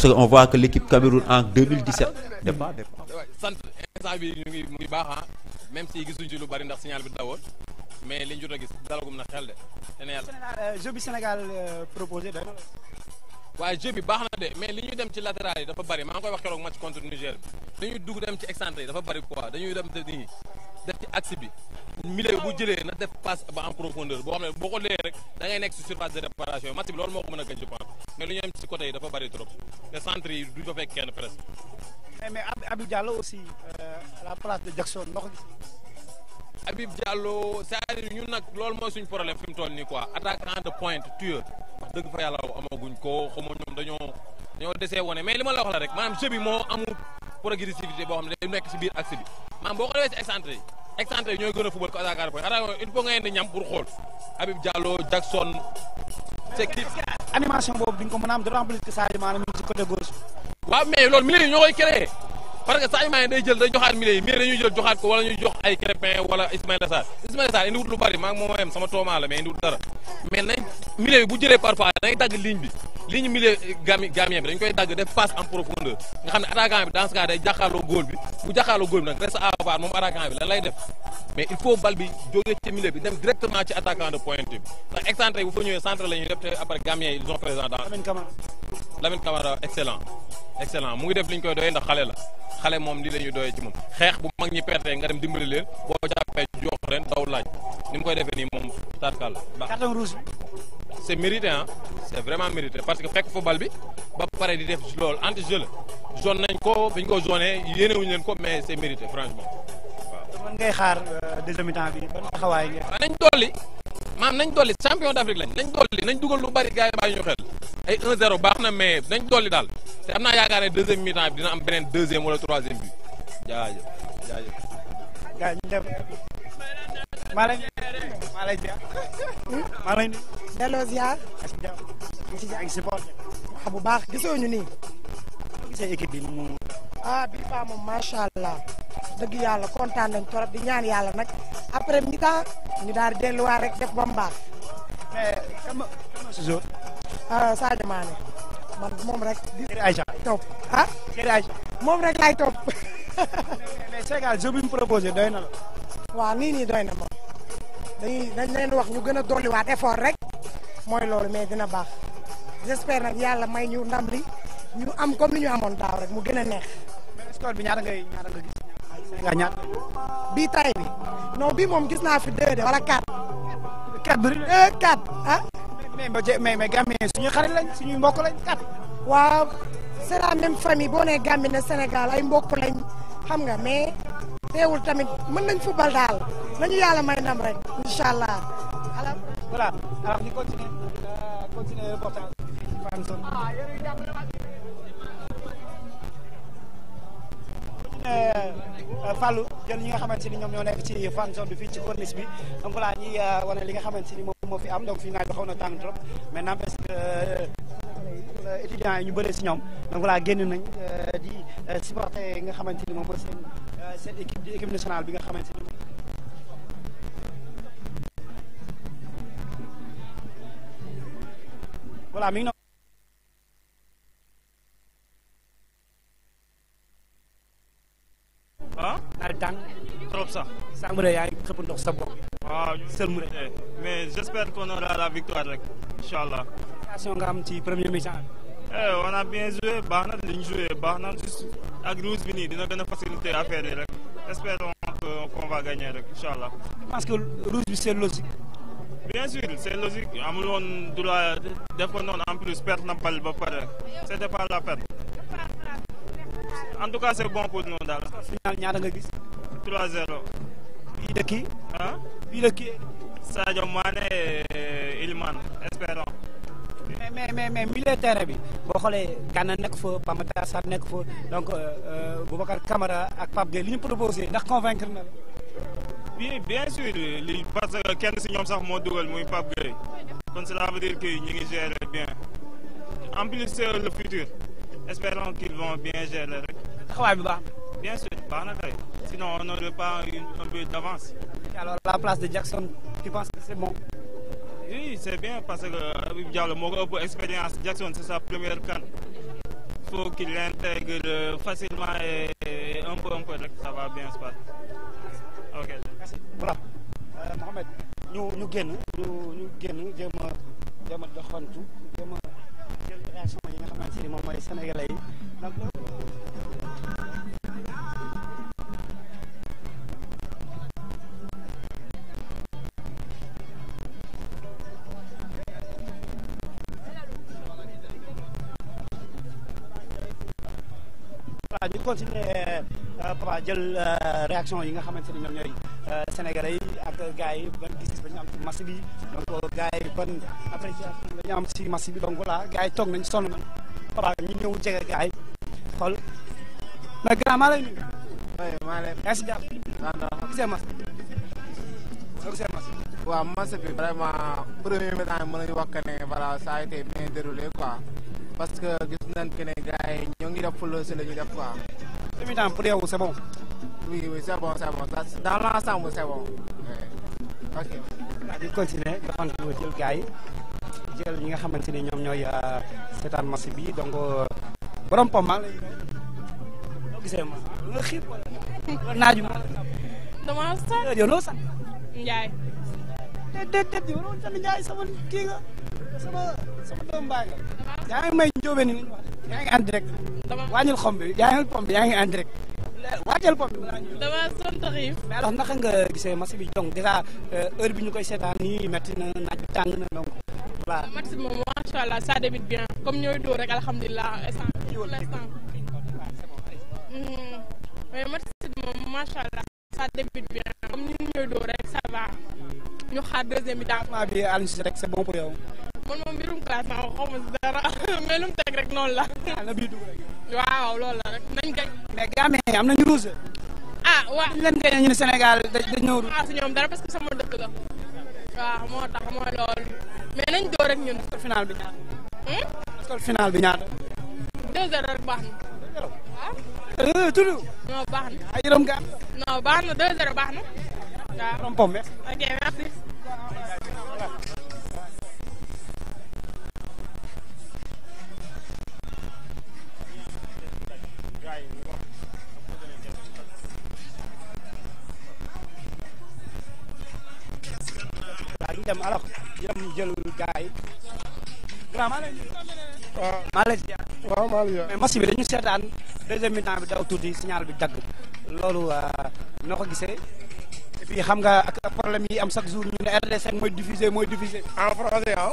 parce que on voit que l' équipe Cameroun en 2017 dem ba dem. sant instant bi ñu ngi mu ngi baax ah même si gisuñ ci lu bari ndax signal bi dawoon mais liñ jot a gis dalagum na xel de te ne yàlla. Euh, jeu bi Sénégal euh, proposé de. waaye jeu bi baax na de mais li ñuy dem ci latéral yi dafa bari maa ngi koy wax keroog match contre Niger bi li dugg dem ci excentré yi dafa bari quoi dañuy dem te nii. def ci axe bi milieu bu jëlee na def passe ba en profondeur boo xam ne boo ko lee rek da nekk si surface de réparation match bi loolu moo ko mën a gën je pense mais euh, loolu mooy suñu fi mu toll nii quoi attaquant de ko xaw ma li ma la wax la rek maanaam jeu bi moo amul progressivité boo xam ne day nekk si biir axe bi maam boo ko defee si excentré yi excentré yi ñooy gën a fubal ko attaquant point attaquant il faut nga ñam pour xool Habib Diallo Jackson. c' est animation boobu duñ ko mën a am de plus que Sadio Mané mi ngi ci côté gauche. waaw mais loolu parce que Sadio Mané day jël day joxaat milieu yi milieu dañuy jël joxaat ko wala ñuy jox ay Crépin wala Ismaïla Sarr Ismaïla Sarr indi wut lu bari maa ngi moom yem sama toomaa la mais indi dara mais nañ milieu yi bu jëlee parfois dangay dagg ligne bi ligne milieu gami gamien bi dañ koy dagg def passe en profondeur nga xam ne attaquant bi dans day jàkkaarloo góol bi bu jàkkaarloo góol bi nag reste à moom attaquant bi bi la ñuy def Lamine Camara excellent excellent mu ngi def li ñu koy doyee ndax xale la xale moom lii la ñuy doyee ci moom xeex bu mag ñi perte nga dem dimbali leen boo jàppee jox leen daw laaj ni mu koy defee nii moom tarkal carton rouge c'est mérité c'est vraiment mérité parce que fekk football bi ba pare di def loolu anti jeu la zone nañ ko bi ñu ko zonee yéenewuñu leen ko mais c'est mérité franchement. waaw man ngay xaar euh, deuxième temps nañ dolli maam nañ dolli champion d'Afrique lañ nañ dolli nañ dugal lu bari gars yi bàyyi ñu xel ay 1-0 baax na mais nañ dolli daal te am naa yaakaar ne deuxième mi-temps bi dina am beneen deuxième wala troisième bi jaajëf jaajëf. gars ñu def maa bu baax gisoo ñu nii. gisee bi mu. Ah, moom macha allah dëgg yàlla kontaan nañ trop bi ñaan yàlla nag. après mi-temps ñu daal di delluwaat rek def ba mu baax. mais eh, kan ma kan ma si jour. Ah, Sadio Mané man moom rek. Thierry ah. moom rek laay topp. mais Sénégal jeu bi mu doy na la. waaw nii nii doy na moom dañuy dañ leen wax ñu gën a dolliwaat effort rek mooy loolu mais dina baax j'espère nag la may ñu ndam li ñu am comme ni ñu amoon daaw rek mu gën a neex. bi ñaata ngay ñaata nga ñaar. bii tay bi non bii moom gis naa fi deux de wala quatre. quatre bëri na eh, quatre ah. mais mais mais Gambie suñuy xarit lañ suñuy mbokk lañ quatre. waaw c'est la même famille boo nee Gambie ne Sénégal ay mbokk lañ xam nga mais. teewul tamit mën nañ football daal nañu yàlla may ndam rek incha allah. voilà Fallou jël ñi nga xamante ni ñoom ñoo nekk ci fan zone fii ci corniche bi donc voilà ñuy euh, wane li nga xamante ni moom moo fi am donc fii naaj bi xaw na tàng trop mais n'empêche que euh, étudiants yi ñu bëre si ñoom donc voilà génn nañ euh, di supporter nga xamante ni moom mooy seen seen équipe di équipe nationale bi nga xamante ni voilà mi ngi tàng. trop sax. sàmbare yaa ngi xëpp ndox sa bopp. waaw ñu eh, mais j'espère qu'on aura la victoire rek. incha allah. situation nga am ci premier mi-temps. Eh, on a bien joué ba na li ñu joué baax na ak rouge bi nii dina gën a faciliter affaire yi rek espérons qu'on va gagner rek incha allah. je pense que rouge bi c'est logique. bien sûr c'est logique amul woon droit def ko noonu en plus perte na bal ba pare c'était pas la peine en tout cas c'est bon pour nous daal. final ñaata nga gis. 3-0. bii la kii. ah bii la kii. Sadio Mané Iliman espérons. mais mais mais mais milieu terrain bi boo xoolee Gana nekk fa Pape Matar Sarr nekk fa donc euh, euh, Boubacar Camara ak Pape Gueye li ñu proposé ndax convaincre na la. oui bien sûr li parce que kenn si ñoom sax moo dugal muy Pape Gueye kon cela veut dire que ñu ngi gérer bien en plus c'est le futur espérons qu'ils vont bien gérer rek. taxawaay bi baax bien sûr. baax na kay sinon on n'aurait pas une un but la place de Jackson tu penses que bon. oui c'est bien parce que euh, Habib Diallo moo ko ëpp expérience Jackson sa première CAN. il faut qu'il l'intègre facilement et un peu un peu rek ça va bien se passer. ok merci voilà. Euh, Mohamed ñu ñu génn ñu ñu génn jéem a jéem a doxantu jéem a jël réaction yi nga xamante ni moom continuer euh, euh, papa jël euh, réaction yi nga xamante ni ñoom ñooy sénégalais yi ak gars yi ban gis-gis ba ñu am ci match bi donc gars yi ban appréciation la ñu bi donc voilà gars toog nañ sonn nañ papa ñu ñëw jege gars yi xool mais grand maa lay nuyu. maa lay nuyu. yaa ngi si jàpp ah, waaw match bi vraiment premier mi-temps mën nañu wax que ne voilà ça a été bien déroulé quoi. parce que gis nañ que ne gars ñoo ngi def fula si la ñuy def quoi. demi temps pour yow c'est bon. oui oui c'est bon c'est bon dans l'ensemble c'est nga xamante ni ñoom ñooy euh, seetaan match bi donc euh, borom pom maa gisee ma la xiib wala la naaju ma. damaa sant yow loo sant. Ndiaye. sama kii nga sama doom baa nga yaa ngi may njóobeen ni yaa ngi en direct wàññil xom bi yaa ngi pom bi yaa ngi en bi dama son taxif mais alors naka nga gisee match bi donc déjà euh, heure bi ñu koy seetaan nii métti na naaj bi tàng na donc voilà ah, match bi moom macha allah ça débute bien comme ñooy dóor rek hmm. rek ça va ñu xaar deuxième mi-temps bi Aliou rek c'est bon pour yow man moom mbirum classement xaw ma si dara mais lu mu teg rek noonu la. Ah, waaw loolu la rek nañ gañ. mais am nañu ruus. ah waaw ñu leen gañ ñu ne Sénégal dañ ñëw ruus. ah si ñoom dara parce que sama dëkk la. waaw moo tax mooy loolu. mais nañ door rek ñun. final bi ñaata. Hmm? score final bi ñaata. 2 rek baax na. ah. ah? Euh, tudd. non baax na. ay yërëm Gambie. non baax na 2-0 baax na. dem alors yam jël gaay grand maa lay ziar waaw maa lay ziar mais match bi dañu seetaan deuxième mi-temps bi daw tuuti signal bi dagg loolu euh, noo ko gisee et puis xam nga ak problème yi am chaque jour ñu ne RDC mooy diffusé mooy diffusé en français ah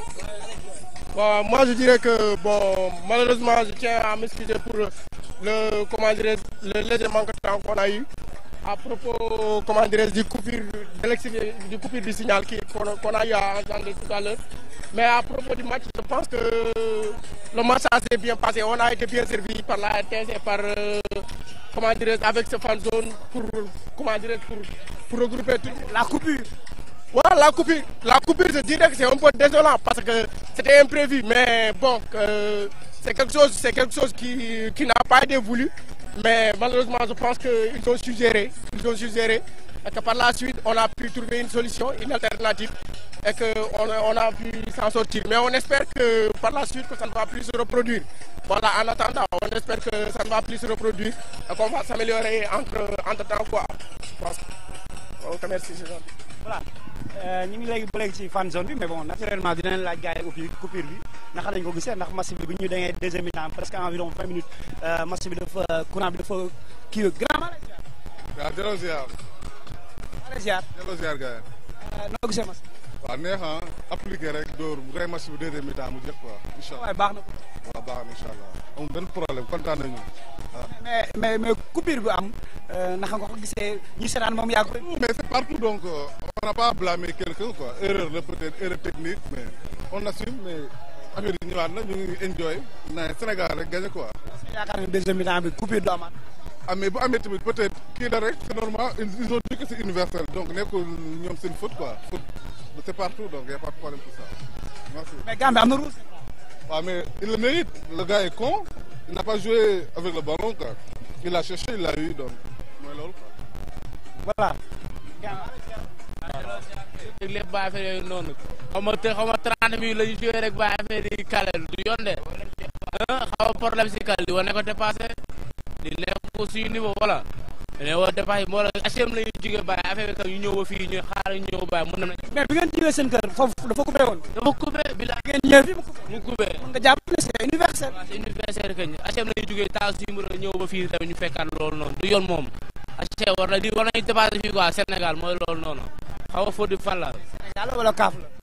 bon moi je dirais que bon malheureusement je tiens à m'excuser pour le comment dirais le léger manque de temps qu'on a à propos, comment dirais-je, du coupure, du coupure du signal qu'on a eu à entendre tout à l'heure. Mais à du match, je pense que le match s'est bien passé. On a été bien servi par la RTS et par, euh, comment dirais avec ce fan zone pour, comment dirais pour, regrouper tout. La coupure voilà, la coupure, la coupure, c'est un peu désolant parce que c'était imprévu. Mais bon, euh, c'est quelque chose, qui n'a pas été voulu. Mais malheureusement, je pense qu'ils ont suggéré, ils ont suggéré, et que par la suite, on a pu trouver une solution, une alternative, et qu'on on a pu s'en sortir. Mais on espère que par la suite, que ça ne va plus reproduire. Voilà, en attendant, on espère que ça ne va plus reproduire, et qu'on va s'améliorer entre, temps, quoi. Je pense. Donc, merci, voilà euh, ñu ngi léegi ba léegi ci fan zone bi mais bon naturellement dinañ laaj gars yi coupure coupure bi naka lañ ko gisee ndax match bi bu ñu demee deuxième mi-temps presque environ vingt minutes euh, match bi dafa courant bi dafa kii grand maa lay ziar. waaw jërëjëf ziar. maa lay ziar. jërëjëf ziar gars euh, noo gisee match. waaw neex ah. appliqué rek dóor bu dee match bi deuxième mu jeex quoi. incha baax na ko. baax incha allah amul benn problème kontaan nañu mais mais mais coupure bi am euh, naka nga ko gisee ñu seetaan moom yaa ko. mais c'est partout donc euh, on n'a pas blâmé quelqu'un quoi erreur la peut-être erreur technique mais on assume mais affaire yi ñëwaat ñu ngi enjoy na Sénégal rek gagné quoi. parce que yaakaar naa deuxième mi bi coupure du amaat. ah mais bu amee tamit peut kii la rek c'est normal ils ont dit que c'est universel donc nekkul ñoom seen faute quoi faute c'est partout donc y a pas de problème pour ça merci. mais Gambie am Ah, mais il le mérite. Le gars est con. Il n'a pas joué avec le ballon. Quoi. Il a cherché, il l'a eu. Donc, mooy loolu quoi. voilà. lépp ba affaire yooyu noonu xaw ma te xaw ma trente mille la ñu joué rek ba affaire yi kale du yoon de xaw ma problème si kale di wane ko dépassé di nekk suñu niveau ne woo départ yi moo la HLM la ñuy jóge bàyyi affaire bi ñu ñëw ba fii ñu xaaral ñu ñëw ba mun na. mais bi ngeen ñëwee seen kër foofu dafa coupé woon. dafa coupé bi la ngeen ñëwee fii mu coupé. mun nga jàpp ne c'est universel. waaw c'est universel que HLM la ñuy jógee taal suñu mën ñëw ba fii tamit ñu fekkaat loolu noonu du yoon moom. HLM war na di war nañu dépassé fii quoi Sénégal mooy loolu noonu xaw ma fan la.